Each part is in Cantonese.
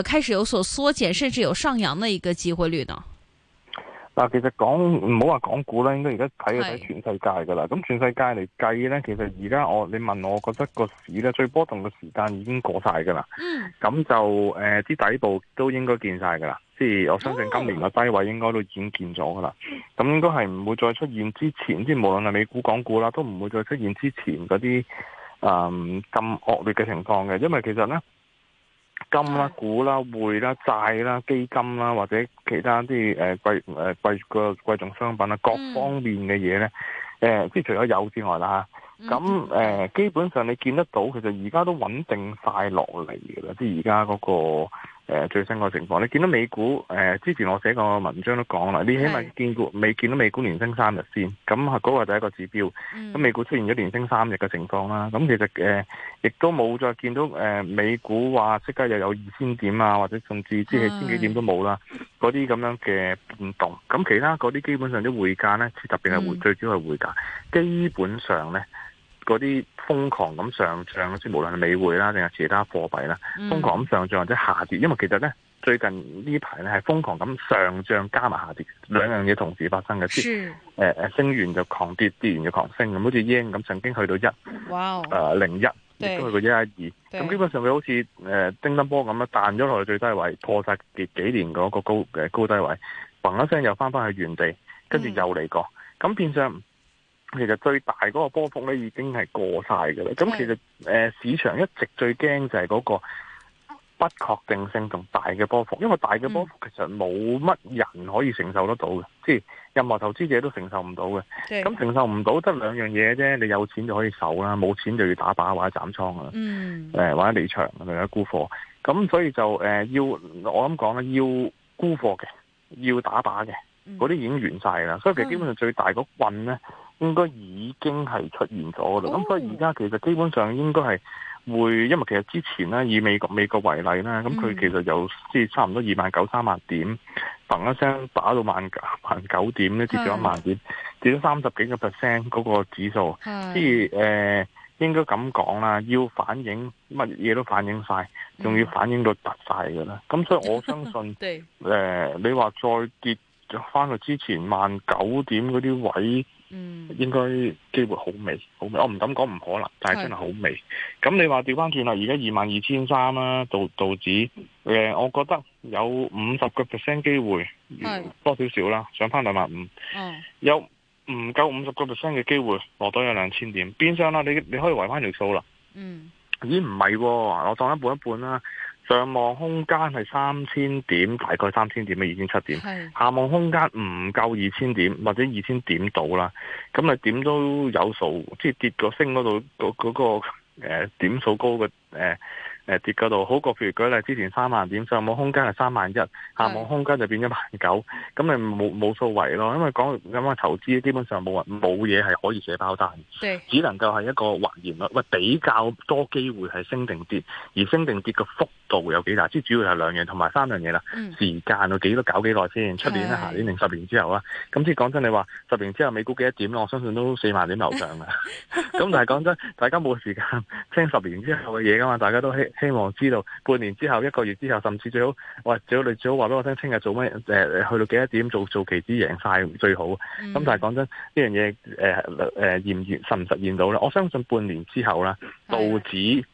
誒，開始有所縮減，甚至有上揚嘅一個機會率呢？嗱是，其實講唔好話港股啦，應該而家睇嘅係全世界噶啦。咁全世界嚟計呢，其實而家我你問我，覺得個市呢最波動嘅時間已經過晒噶啦。咁、嗯、就誒、啲、呃、底部都應該見晒噶啦。即係我相信今年嘅低位應該都已經見咗噶啦。咁、哦、應該係唔會再出現之前，即係無論係美股、港股啦，都唔會再出現之前嗰啲誒咁惡劣嘅情況嘅，因為其實呢。金啦、股啦、匯啦、債啦、基金啦，或者其他啲誒、呃、貴誒貴個貴重商品啊，各方面嘅嘢咧，誒即係除咗有之外啦，咁、呃、基本上你見得到，其實而家都穩定晒落嚟嘅啦，即係而家嗰個。誒，最新嘅情況，你見到美股？誒、呃，之前我寫個文章都講啦，你起碼見過未是見到美股連升三日先，咁、那、嗰個就係第一個指標。咁美股出現咗連升三日嘅情況啦，咁其實誒，亦、呃、都冇再見到誒、呃、美股話即刻又有二千點啊，或者甚至即係千幾點都冇啦，嗰啲咁樣嘅變動。咁其他嗰啲基本上啲匯價咧，特別係匯、嗯、最主要係匯價，基本上咧。嗰啲瘋狂咁上漲，即係無論係美匯啦，定係其他貨幣啦，嗯、瘋狂咁上漲或者下跌。因為其實咧，最近，最近呢排咧係瘋狂咁上漲加埋下跌，兩樣嘢同時發生嘅。係誒是、呃、升完就狂跌，跌完就狂升，咁好似 yen 咁，曾經去到一哇 Wow,、呃，誒零一，亦都去過一一二。咁基本上佢好似叮噹波咁啦，彈咗落去最低位，破曬跌幾年嗰個高嘅高低位，嘣一聲又翻翻去原地，跟住又嚟過，咁、嗯、變相。其實最大嗰個波幅咧，已經係過晒㗎啦。咁的其實誒、呃，市場一直最驚就係嗰個不確定性同大嘅波幅，因為大嘅波幅其實冇乜人可以承受得到嘅，即係、嗯、任何投資者都承受唔到嘅。咁的承受唔到得兩樣嘢啫，你有錢就可以守啦，冇錢就要打靶或者斬倉啦。嗯，誒、呃，或者離場，或者沽貨。咁所以就誒、呃、要我諗講啦要沽貨嘅，要打靶嘅，嗰啲、嗯、已經完晒啦。所以其實基本上最大個棍咧，嗯應該已經係出現咗啦。咁、哦、所以而家其實基本上應該係會，因為其實之前咧以美國美國為例啦，咁佢、嗯、其實有，即係差唔多二萬九三萬點，嘣一聲打到萬九點咧，跌咗一萬點，是跌咗三十幾個 percent 嗰個指數。即係誒，應該咁講啦，要反映乜嘢都反映晒，仲要反映、嗯、到凸晒噶啦。咁所以我相信 對、呃、你話再跌翻去之前萬九點嗰啲位。嗯，應該機會好微，好微，我唔敢講唔可能，但係真係好微。咁的你話調翻轉啦，而家二萬二千三啦，道道指，誒、呃，我覺得有五十個 percent 機會，的多少少啦，上翻兩萬五，的有唔夠五十個 percent 嘅機會，落到有兩千點，變相啦，你你可以圍翻條數啦。嗯，咦，唔係、啊，我當一半一半啦、啊。上望空間係三千點，大概三千點咧，二千七點。係下望空間唔夠二千點，或者二千點到啦。咁啊點都有數，即、就、係、是、跌過升、那個升嗰度嗰嗰個點數高嘅誒，跌嗰度好過，譬如，舉例之前三萬點上望空間係三萬一，下望空間就變咗一萬九，咁咪冇冇數圍咯？因為講咁嘅投資，基本上冇冇嘢係可以寫包單對 只能夠係一個或然率。喂、欸，比較多機會係升定跌，而升定跌嘅幅度有幾大？即係主要係兩樣同埋三樣嘢啦。時間啊，幾多搞幾耐先？出ん 年啊，下年定十年之後啊？咁即係講真，你話十年之後美股幾多點？我相信都四萬點樓上啦。咁 但係講真，大家冇時間聽十年之後嘅嘢噶嘛？大家都希。希望知道半年之後，一個月之後，甚至最好，喂、哎，最好你最好話俾我聽，聽日做咩？誒、呃，去到幾多點做做期指贏晒最好。咁、嗯、但係講真，呢樣嘢誒誒驗實唔實現到咧？我相信半年之後啦，道指的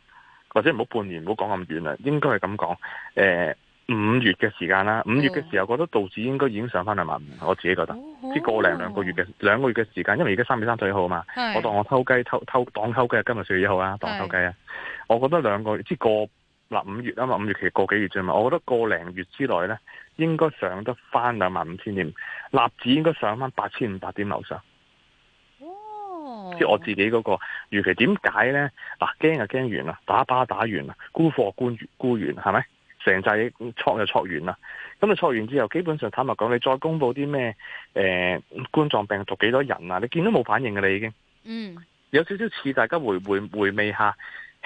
或者唔好半年，唔好講咁遠啦，應該係咁講。誒五月嘅時間啦，五月嘅時，時候的覺得道指應該已經上翻兩萬五，我自己覺得，即係個零兩個月嘅兩個月嘅時間，因為而家三月三十一號嘛，的我當我偷雞偷偷當偷雞，今日四月一號啦，當偷雞啊！我覺得兩個月，即個嗱五月啊嘛，五月期個幾月啫嘛。我覺得個零月之內咧，應該上得翻兩萬五千點，納指應該上翻八千五百點樓上。哦，即我自己嗰、那個預期，點解咧？嗱，驚、啊、就驚完啦，打靶打完啦，沽貨沽完沽完係咪？成寨嘢挫就挫完啦。咁啊，挫完之後，基本上坦白講，你再公布啲咩誒冠狀病毒幾多人啊？你見都冇反應嘅你已經。嗯。有少少似大家回回回味下。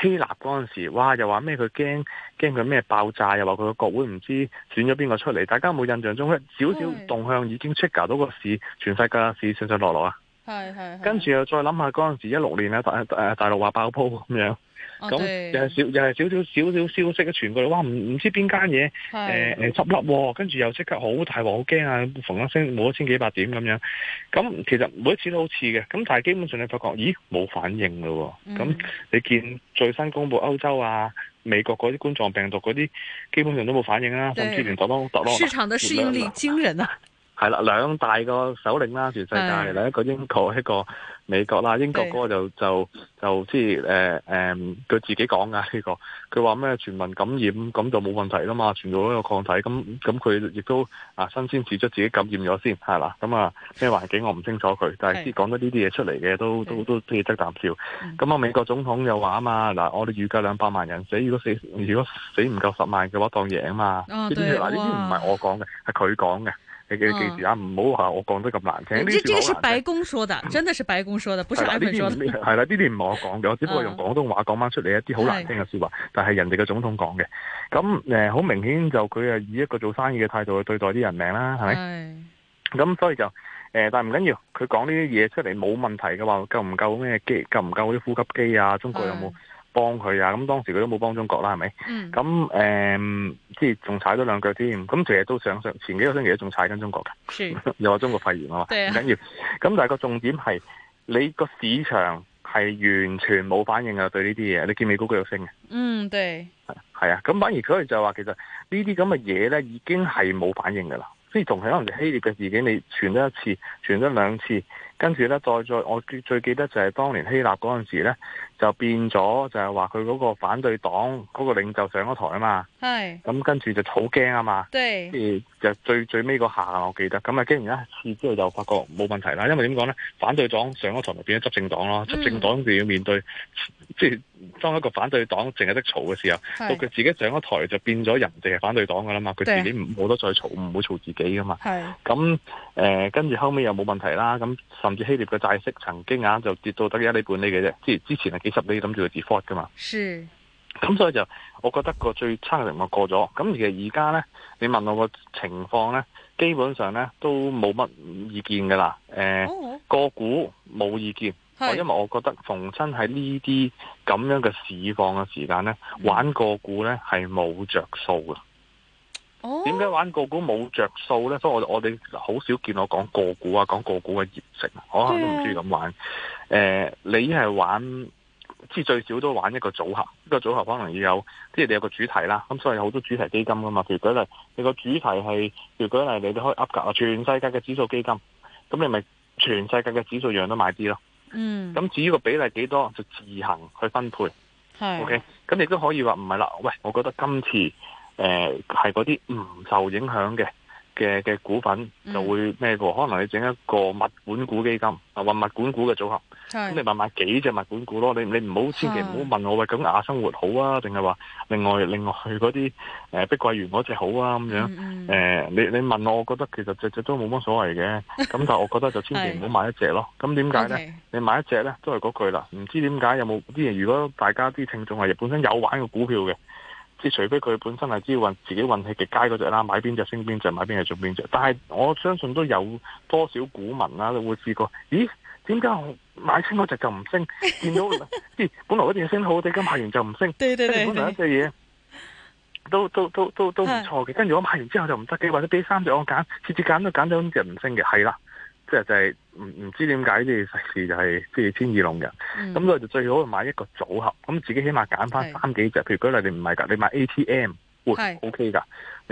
希臘嗰陣時，哇，又話咩？佢驚驚佢咩爆炸，又話佢個國會唔知選咗邊個出嚟。大家有冇印象中，佢少少動向已經出搞到個市，是全世界嘅市上上落落啊！係係，跟住，又再諗下嗰陣時，一六年啊，大、誒大陸話爆煲咁樣，咁又係少又係少少少少消息一傳過嚟，哇，唔唔知邊間嘢誒誒執笠，跟住又即刻好大鑊，好驚啊，逢一聲冇一千幾百點咁樣，咁其實每一次都好似嘅，咁但係基本上你發覺，咦，冇反應咯，咁、嗯、你見最新公布歐洲啊、美國嗰啲冠狀病毒嗰啲，基本上都冇反應啦、啊對，都跌到跌到，市場嘅適應力驚人啊！ 係啦，兩大個首領啦，全世界另的一個英國、嗯、一個美國啦，英國嗰個就的就就即係誒誒，佢、呃呃、自己講嘅呢個，佢話咩全民感染咁就冇問題啦嘛，全部都有抗體，咁咁佢亦都啊新鮮自出自己感染咗先係啦，咁、嗯、啊咩環境我唔清楚佢，但係即係講咗呢啲嘢出嚟嘅，都的都都都要得啖笑。咁啊，美國總統又話啊嘛，嗱我哋預計兩百萬人死，如果死如果死唔夠十萬嘅話當贏嘛。嗱呢啲唔係我講嘅，係佢講嘅。你記住啊，唔好話我講得咁難聽。呢個呢個係白宮說的，真的是白宮說的，不是。係啦，呢啲唔係我講嘅，只不過用廣東話講翻出嚟一啲好難聽嘅説話，但係人哋嘅總統講嘅。咁誒，好明顯就佢誒以一個做生意嘅態度去對待啲人命啦，係咪？咁所以就誒，但係唔緊要，佢講呢啲嘢出嚟冇問題嘅話，夠唔夠咩機？夠唔夠啲呼吸機啊？中國有冇？幫佢啊！咁當時佢都冇幫中國啦，係咪，嗯？嗯。咁誒，即係仲踩咗兩腳添。咁其實都想上前幾個星期都仲踩緊中國嘅。 又話中國肺炎啊嘛。對啊。唔緊要。咁但係個重點係，你個市場係完全冇反應啊！對呢啲嘢，你見美股繼續升嘅。嗯，對。係啊。咁反而佢就話，其實呢啲咁嘅嘢咧，已經係冇反應噶啦。即係同係可能希臘嘅事件，你傳咗一次，傳咗兩次，跟住咧再再，我最記得就係當年希臘嗰陣時咧。就變咗就係話佢嗰個反對黨嗰個領袖上咗台啊嘛，咁是、嗯、跟住就好驚啊嘛，即對、嗯、就最最尾個下我記得，咁啊驚完一次之後就發覺冇問題啦，因為點講咧？反對黨上咗台就變咗執政黨咯，執政黨就要面對、嗯、即係當一個反對黨淨係得吵嘅時候，是到佢自己上咗台就變咗人哋係反對黨噶啦嘛，佢自己唔好得再吵，唔會吵自己噶嘛，咁是、嗯呃、跟住後尾又冇問題啦，咁、嗯、甚至希臘嘅債息曾經啊就跌到得一釐半釐嘅啫，即之前十你諗住個跌幅噶嘛？咁是所以就我覺得個最差嘅情況過咗。咁其實而家呢，你問我個情況呢，基本上呢都冇乜意見噶啦。誒、欸，oh, okay. 個股冇意見，是因為我覺得逢親喺呢啲咁樣嘅市況嘅時間呢，mm. 玩個股呢係冇着數嘅。哦，點解、oh. 玩個股冇着數呢？所以我我哋好少見我講個股啊，講個股嘅業績，Yeah. 可能都唔中意咁玩。誒、欸，你係玩？至最少都玩一個組合，一個組合可能要有，即係你有個主題啦，咁所以有好多主題基金噶嘛。譬如舉例，你個主題係，譬如果係你哋可以 upgrade 啊，全世界嘅指數基金，咁你咪全世界嘅指數樣都買啲咯。嗯，咁至於個比例幾多，就自行去分配。係，OK，咁亦都可以話唔係啦。喂，我覺得今次誒係嗰啲唔受影響嘅。嘅嘅股份就會咩個？可能你整一個物管股基金，或物管股嘅組合，咁你咪買幾隻物管股咯？你你唔好千祈唔好問我喂，咁雅生活好啊，定係話另外另外去嗰啲誒碧桂園嗰隻好啊咁樣？誒你你問我，我覺得其實隻隻都冇乜所謂嘅，咁但係我覺得就千祈唔好買一隻咯。咁點解咧？你買一隻咧，都係嗰句啦。唔知點解有冇啲人？如果大家啲聽眾係本身有玩個股票嘅。即係除非佢本身係知運自己運氣極佳嗰隻啦，買邊隻升邊隻，買邊隻做邊隻。但係我相信都有多少股民啦、啊，都會試過，咦？點解我買清嗰隻就唔升？見 到即係、欸、本來嗰隻升好啲，今買完就唔升。對對對，對，本來一隻嘢都都都都都唔錯嘅，的跟住我買完之後就唔得嘅，或者俾三隻我揀，次次揀都揀到隻唔升嘅，係啦。即係就係唔唔知點解世事就係即係天意弄人嘅，咁佢就最好買一個組合，咁自己起碼揀翻三幾隻，譬是 如舉例，你唔係噶，你買 ATM 會、欸、是 OK 噶。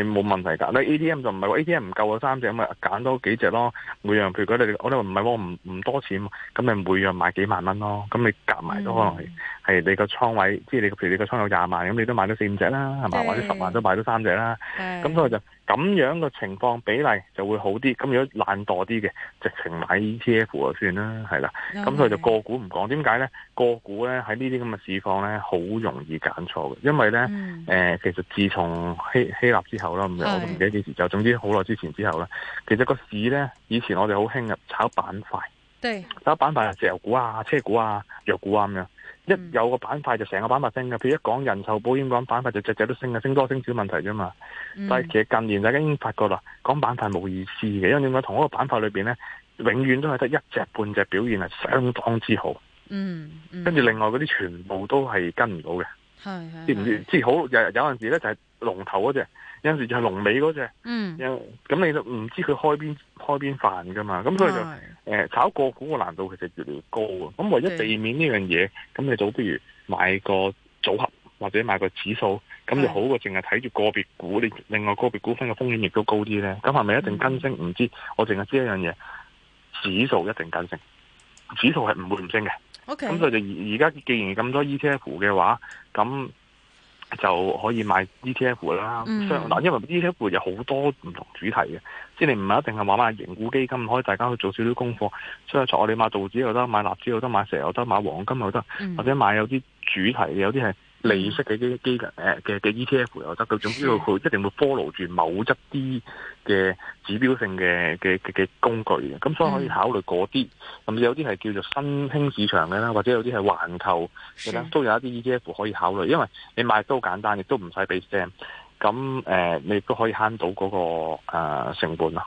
你冇問題㗎，你 ATM 就唔係話 ATM 唔夠啊，三隻咪揀多幾隻咯。每樣，譬如講你哋，我哋話唔係唔唔多錢，咁咪每樣買幾萬蚊咯。咁你夾埋都可能係係、嗯、你個倉位，即係你譬如你個倉有廿萬，咁你都買咗四五隻啦，係嘛對？或者十萬都買咗三隻啦。咁對所以就咁樣嘅情況比例就會好啲。咁如果懶惰啲嘅，直情買 ETF 就算啦，係啦。咁 Okay, 所以就個股唔講，點解咧？個股咧喺呢啲咁嘅市況咧，好容易揀錯嘅，因為咧誒、嗯呃，其實自從希希臘之後。好啦，是我唔記得幾時就，總之好耐之前之後咧。其實個市咧，以前我哋好興啊，炒板塊，對炒板塊，石油股啊、車股啊、藥股啊咁樣、啊啊。一有一個板塊就成個板塊升嘅，譬如一講人壽保險板塊就只只都升嘅，升多升少問題啫嘛。但係其實近年大家已經發覺啦，講板塊冇意思嘅，因為點解？同一個板塊裏邊咧，永遠都係得一隻半隻表現係相當之好，嗯，嗯跟住另外嗰啲全部都係跟唔到嘅，係係，知唔知？即係好有有陣時咧，就係龍頭嗰隻。有陣時就係龍尾嗰隻，嗯，咁你就唔知佢開邊開邊飯噶嘛，咁所以就誒、嗯、炒個股嘅難度其實越嚟越高啊。咁為咗避免呢樣嘢，咁、嗯、你就不如買個組合或者買個指數，咁就好過淨係睇住個別股。你是另外個別股份嘅風險亦都高啲咧，咁係咪一定跟升？唔、嗯、知我淨係知一樣嘢，指數一定跟升，指數係唔會唔升嘅。咁 okay, 所以就而家既然咁多 ETF 嘅話，咁。就可以買 ETF 啦、嗯所 ET 不，所以嗱，因為 ETF 有好多唔同主題嘅，即係你唔係一定係話買營股基金，可以大家去做少少功課。所以我哋買道指又得，買納指又得，買石又得，買黃金又得，嗯、或者買有啲主題，有啲係。利息嘅 E T F 又得，佢總之佢一定會 follow 住某一啲嘅指標性嘅嘅嘅工具嘅，咁所以可以考慮嗰啲，甚至有啲係叫做新興市場嘅啦，或者有啲係環球嘅咧，都有一啲 E T F 可以考慮，因為你買都簡單，亦都唔使俾證，咁誒、呃、你亦都可以慳到嗰、那個、呃、成本啦。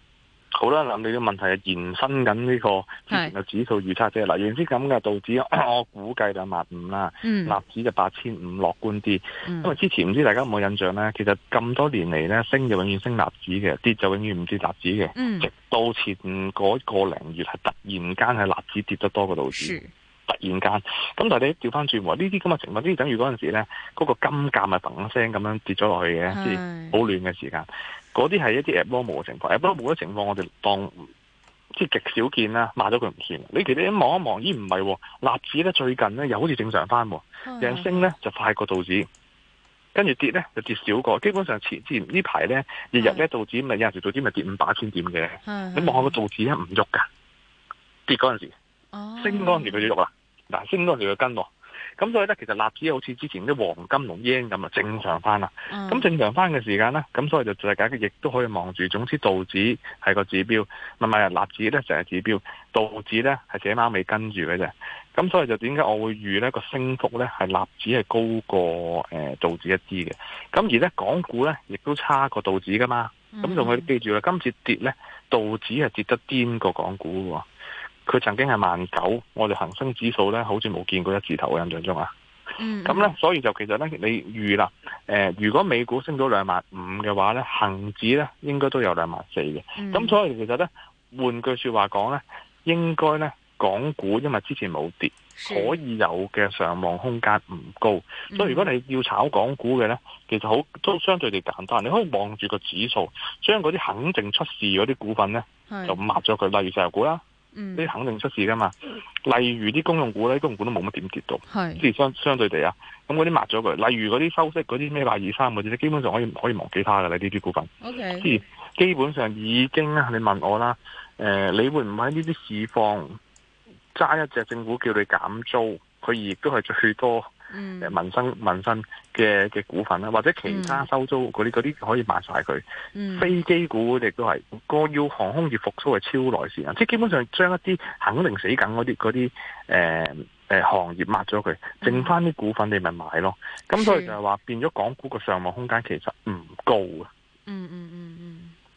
好啦，嗱，你嘅問題係延伸緊呢個之前嘅指數預測啫。嗱是，原先咁嘅道指，我估計就兩萬五啦，嗯、納指就八千五，樂觀啲。因為之前唔知大家有冇印象咧，其實咁多年嚟咧升就永遠升納指嘅，跌就永遠唔跌納指嘅。嗯、直到前嗰個零月係突然間係納指跌得多過道指。突然間，咁但係你調翻轉喎，呢啲咁嘅情況，啲等於嗰陣時咧，嗰、嗰個金價咪砰一聲咁樣跌咗落去嘅，即係好亂嘅時間。嗰啲係一啲 abnormal 嘅情況，abnormal 冇嘅情況我，我哋當即係極少見啦。買咗佢唔見。你其實你望一望，咦唔係、哦？納指咧最近咧又好似正常翻，上升咧就快過道指，跟住跌咧就跌少過。基本上前之前呢排咧日日咧道指咪有陣時道指咪跌五百千點嘅，你望下個道指咧唔喐噶，跌嗰陣時，哦、升嗰陣時佢就喐啦。嗱升都係佢跟咁、哦、所以咧，其實納指好似之前啲黃金同日圓咁啊，正常翻啦。咁、嗯、正常翻嘅時間咧，咁所以就大家亦都可以望住。總之道指係個指標，唔係納指咧成係指標，道指咧係隻貓尾跟住嘅啫。咁所以就點解我會預呢、那個升幅咧係納指係高過誒、呃、道指一啲嘅？咁而咧港股咧亦都差過道指噶嘛？咁仲要記住啦，今次跌咧道指係跌得癲過港股喎。佢曾經係萬九，我哋恒生指數咧，好似冇見過一字頭啊！印象中啊，咁咧、嗯，所以就其實咧，你預啦、呃，如果美股升咗兩萬五嘅話咧，恒指咧應該都有兩萬四嘅。咁、嗯、所以其實咧，換句說話講咧，應該咧，港股因為之前冇跌，的可以有嘅上望空間唔高，所以如果你要炒港股嘅咧，其實好都相對地簡單，你可以望住個指數，將嗰啲肯定出事嗰啲股份咧，的就抹咗佢，例如石油股啦。呢啲、嗯、肯定出事噶嘛？例如啲公用股咧，公用股都冇乜點跌到，即係是相相對地啊。咁嗰啲抹咗佢，例如嗰啲收息嗰啲咩二三冇，你基本上可以可以忘記他噶啦呢啲股份。即係 Okay 基本上已經啊，你問我啦，誒、呃，你會唔會喺呢啲市況揸一隻政府叫你減租，佢亦都係最多？嗯民，民生民生嘅嘅股份啦，或者其他收租嗰啲啲可以賣晒佢。嗯、飛機股亦都係，個要航空業復蘇係超耐時間，即係基本上將一啲肯定死梗嗰啲啲誒誒行業抹咗佢，剩翻啲股份你咪買咯。咁、嗯、所以就係話變咗港股個上望空間其實唔高啊、嗯。嗯嗯嗯嗯。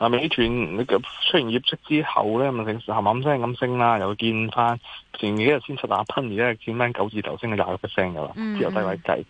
嗱，美團出完業績之後咧，咪成時含含聲咁升啦，又見翻前幾日先七十蚊，而家見翻九字頭，升咗廿六 percent 噶啦，自由低位計。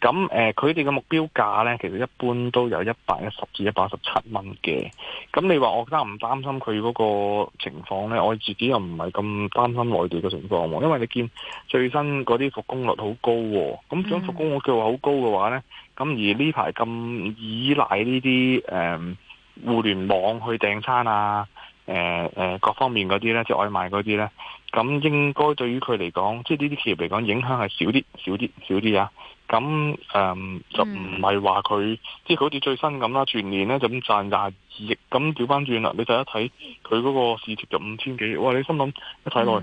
咁誒、mm，佢哋嘅目標價咧，其實一般都有一百一十至一百一十七蚊嘅。咁你話我擔唔擔心佢嗰個情況咧？我自己又唔係咁擔心內地嘅情況喎、啊，因為你見最新嗰啲復工率好高喎、啊。咁如果復工率我叫我好高嘅話咧，咁而呢排咁依賴呢啲誒。嗯互聯網去訂餐啊，誒、呃、誒、呃，各方面嗰啲咧，即係外賣嗰啲咧，咁應該對於佢嚟講，即係呢啲企業嚟講，影響係少啲，少啲，少啲啊。咁誒、呃，就唔係話佢，嗯、即係佢好似最新咁啦，全年咧就咁賺廿二億，咁調翻轉啦，你就一睇佢嗰個市值就五千幾億，哇！你心諗一睇落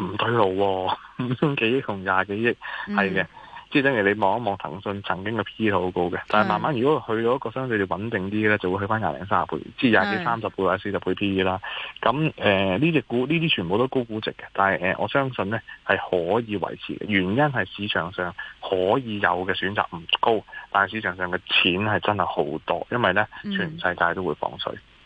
唔對路、哦，五千幾億同廿幾億係嘅。嗯即係等於你望一望騰訊曾經嘅 P E 好高嘅，是的 但係慢慢如果去到一個相對穩定啲咧，就會去翻廿零、三十倍，即係廿幾、三十倍或者四十倍 P E 啦。咁誒呢隻股呢啲全部都高估值嘅，但係、呃、我相信咧係可以維持嘅，原因係市場上可以有嘅選擇唔高，但係市場上嘅錢係真係好多，因為咧、嗯、全世界都會放水。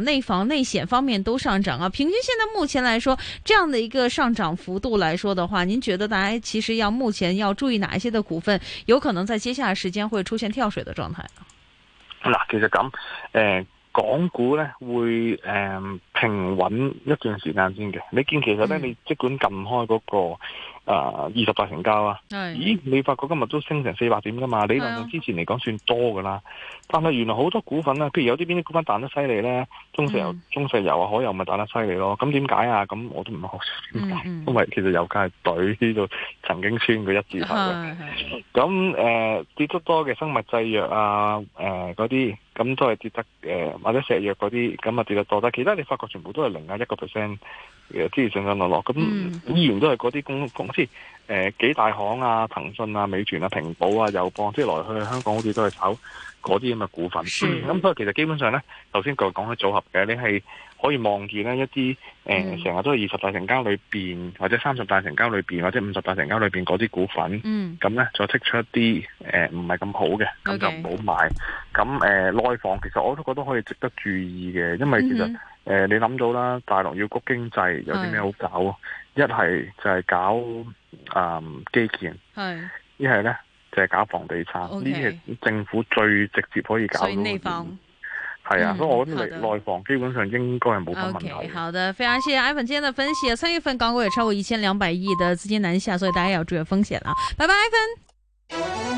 內房、內險方面都上漲啊，平均現在目前來說，這樣的一個上漲幅度來說的話，您覺得大家其實要目前要注意哪一些的股份，有可能在接下來時間會出現跳水的狀態？嗱，其實咁，誒，港股咧會誒、呃、平穩一段時間先嘅，你見其實呢、嗯、你即管撳開嗰個。啊，二十八成交啊！的咦，你發覺今日都升成四百點噶嘛？理論上之前嚟講算多噶啦，的但係原來好多股份啊，譬如有啲邊啲股份彈得犀利咧，中石油、嗯、中石油啊、海油咪彈得犀利咯。咁點解啊？咁我都唔係好點解，嗯嗯因為其實油價係懟呢度曾經穿過一字頭嘅。咁誒的、呃，跌得多嘅生物製藥啊，誒嗰啲，咁都係跌得誒、呃，或者石藥嗰啲，咁啊跌得多。但係其他你發覺全部都係零啊，一個 percent。之前上上落落，咁依然都係嗰啲公公司，誒、呃、幾大行啊，騰訊啊、美團啊、平保啊、友邦，即係來去香港好似都係炒。嗰啲咁嘅股份，咁所以其實基本上咧，頭先佢講嘅組合嘅，你係可以望見咧一啲誒成日都係二十大成交裏邊，或者三十大成交裏邊，或者五十大成交裏邊嗰啲股份，咁咧再剔出一啲誒唔係咁好嘅，咁就唔好買。咁誒內房其實我都覺得可以值得注意嘅，因為其實誒你諗到啦，大陸要谷經濟有啲咩好搞啊？一係就係搞誒基建，一係咧。就係搞房地產，呢啲 Okay, 政府最直接可以搞咯。內房係啊，的嗯、所以我覺得內內房基本上應該係冇乜問題。Okay, 好的，非常謝謝 Ivan 今天的分析。三月份港股有超過一千兩百億嘅資金南下，所以大家要注意風險啦！拜拜，Ivan。